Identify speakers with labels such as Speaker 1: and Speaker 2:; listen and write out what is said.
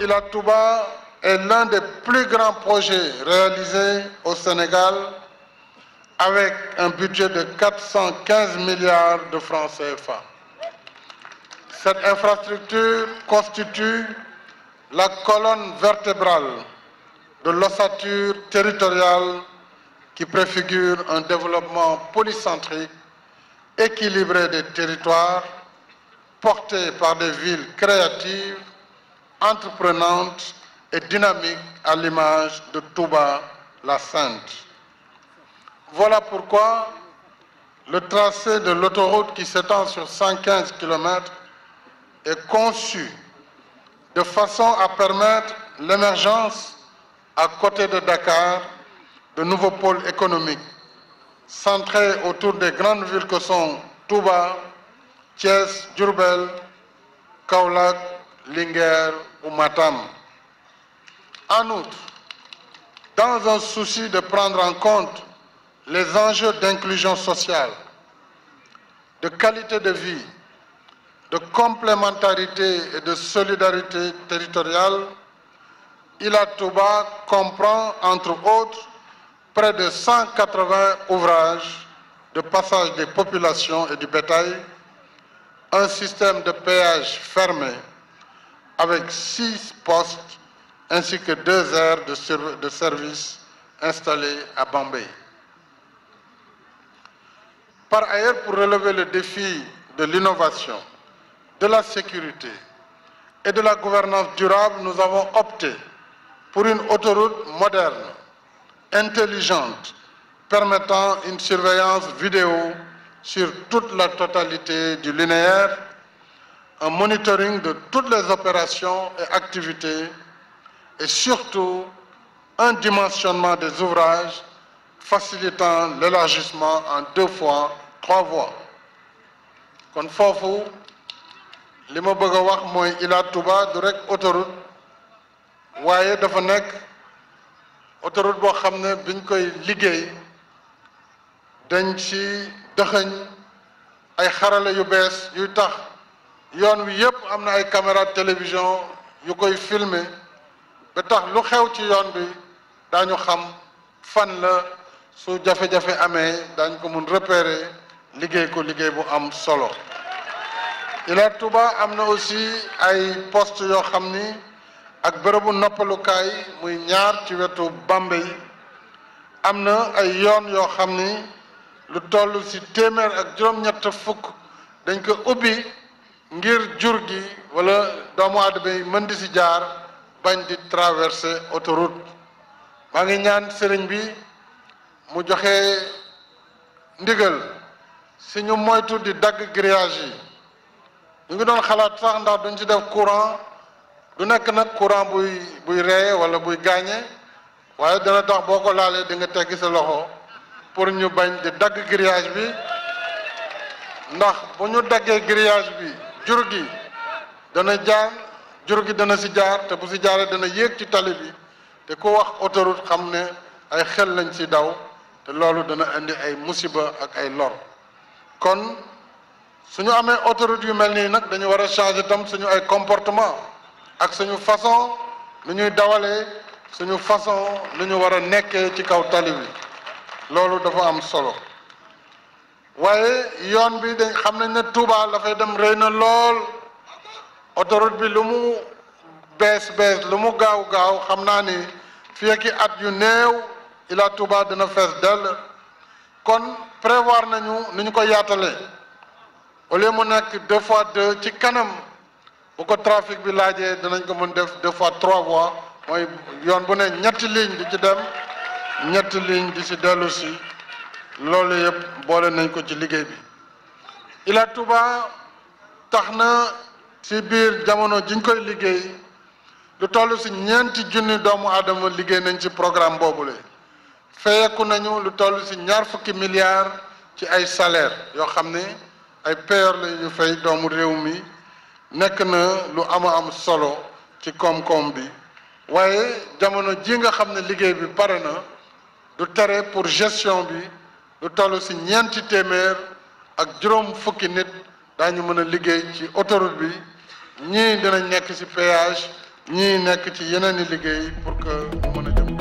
Speaker 1: Ilatouba Touba est l'un des plus grands projets réalisés au Sénégal avec un budget de 415 milliards de francs CFA. Cette infrastructure constitue la colonne vertébrale de l'ossature territoriale qui préfigure un développement polycentrique, équilibré des territoires, porté par des villes créatives entreprenante et dynamique à l'image de Touba la Sainte. Voilà pourquoi le tracé de l'autoroute qui s'étend sur 115 km est conçu de façon à permettre l'émergence à côté de Dakar de nouveaux pôles économiques centrés autour des grandes villes que sont Touba, Thiès, Djurbel, Kaulak, Linger en outre, dans un souci de prendre en compte les enjeux d'inclusion sociale, de qualité de vie, de complémentarité et de solidarité territoriale, Touba comprend, entre autres, près de 180 ouvrages de passage des populations et du bétail, un système de péage fermé avec six postes ainsi que deux aires de, de service installées à Bombay. Par ailleurs, pour relever le défi de l'innovation, de la sécurité et de la gouvernance durable, nous avons opté pour une autoroute moderne, intelligente, permettant une surveillance vidéo sur toute la totalité du linéaire un monitoring de toutes les opérations et activités et surtout un dimensionnement des ouvrages facilitant l'élargissement en deux fois trois voies kon foofu li ma bëgg a wax mooy Ila Touba du rek autoroute waaye dafa nekk autoroute boo xam ne biñ koy liggéey dañ ci dëxëñ ay xarala yu bees yuy tax yoon wi yëpp am na ay caméra télévision yu koy filmer ba tax lu xew ci yoon bi dañu xam fan la su jafe-jafe amee dañ ko mun repérer liggéey ko liggéey bu am solo Ila tuba am na aussi ay poste yoo xam ni ak bërëbu noppalukaay muy ñaar ci wetu Bambey am ay yoon yoo xam ni lu toll ci téeméer ak juróom-ñett fukk dañ ko ubbi ngir jur gi wala doomu aadama bi mën di ci jaar bañ di traverser autoroute maa ngi ñaan sëriñ bi mu joxe ndigal si ñu moytu di dagg grillage yi ñu ngi doon xalaat sax ndax ci def courant du nekk nag courant buy buy reye wala buy gaañe waaye dana tax boo ko laalee di nga teggi sa loxo pour ñu bañ di dagg grillage bi ndax boo ñu daggee grillage bi jur dana jaar jur gi dana si jaar te bu si jaaree dana yéeg ci tali bi te ku wax autoroute xam ne ay xel lañ si daw te loolu dana indi ay musiba ak ay lor kon suñu amee autorite yu mel nii nag dañu war a changer tam suñu ay comportement ak suñu façon nu ñuy dawalee suñu façon nu ñu war a nekkee ci kaw tali bi loolu dafa am solo waaye yoon bi de xam nañ na Touba la dem rëy na lool autoroute bi lu mu bees bees lu mu gaaw gaaw xam naa ni fii ki at yu néew Ila Touba dina fees dell kon prévoir nañu ni ñu ko yaatale au lieu mu nekk deux fois deux ci kanam bu ko trafic bi laajee dinañ ko mën def deux fois trois voies mooy yoon bu ne ñetti ligne di ci dem ñetti liñ di ci dellu loolu yëpp boole nañ ko ci liggéey bi Ila Touba taxna ci biir jamono jiñ koy liggéey lu tollu ci ñeenti junni doomu aadama liggéey nañ ci programme boobule feyeku nañu lu tollu ci ñaar fukki milliards ci ay salaire yo xamné ay payeur la ñu fay doomu réew mi nekk na lu ama am solo ci koom-koom bi waaye jamono ji nga xam ne liggéey bi pare na du tere pour gestion bi lu toll si ñeenti téeméer ak juróom fukki nit daañu mën a liggéey ci autoroute bi ñii dinañ nekk si péage ñii nekk ci yeneen i liggéey pour que mu mën a jëm